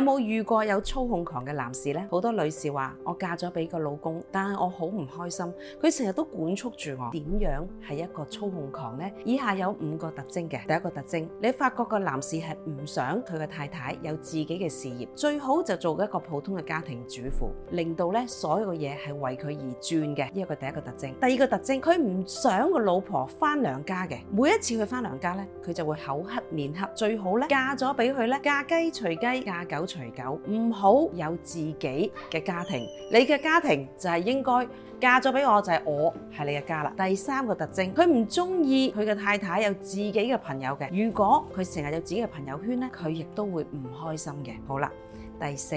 有冇遇過有操控狂嘅男士呢？好多女士話我嫁咗俾個老公，但係我好唔開心，佢成日都管束住我。點樣係一個操控狂呢？以下有五個特徵嘅。第一個特徵，你發覺個男士係唔想佢個太太有自己嘅事業，最好就做一個普通嘅家庭主婦，令到咧所有嘅嘢係為佢而轉嘅，呢個第一個特徵。第二個特徵，佢唔想個老婆翻娘家嘅，每一次佢翻娘家咧，佢就會口黑面黑，最好咧嫁咗俾佢咧嫁雞隨雞嫁狗。嫁雞除唔好有自己嘅家庭，你嘅家庭就係應該嫁咗俾我，就係、是、我係你嘅家啦。第三個特徵，佢唔中意佢嘅太太有自己嘅朋友嘅，如果佢成日有自己嘅朋友圈呢，佢亦都會唔開心嘅。好啦，第四，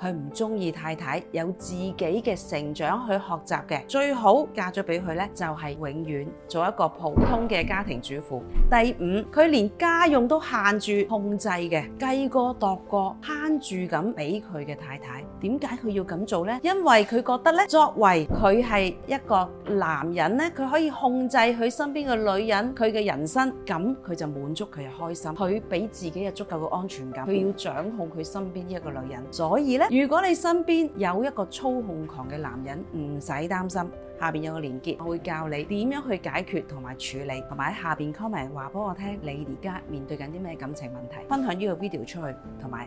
佢唔中意太太有自己嘅成長去學習嘅，最好嫁咗俾佢呢，就係、是、永遠做一個普通嘅家庭主婦。第五，佢連家用都限住控制嘅，計過度過。住咁俾佢嘅太太，點解佢要咁做呢？因為佢覺得呢，作為佢係一個男人呢，佢可以控制佢身邊嘅女人，佢嘅人生，咁佢就滿足佢嘅開心，佢俾自己有足夠嘅安全感，佢要掌控佢身邊呢一個女人。所以呢，如果你身邊有一個操控狂嘅男人，唔使擔心，下邊有個連結，我會教你點樣去解決同埋處理，同埋喺下邊 comment 話俾我聽，你而家面對緊啲咩感情問題，分享呢個 video 出去，同埋。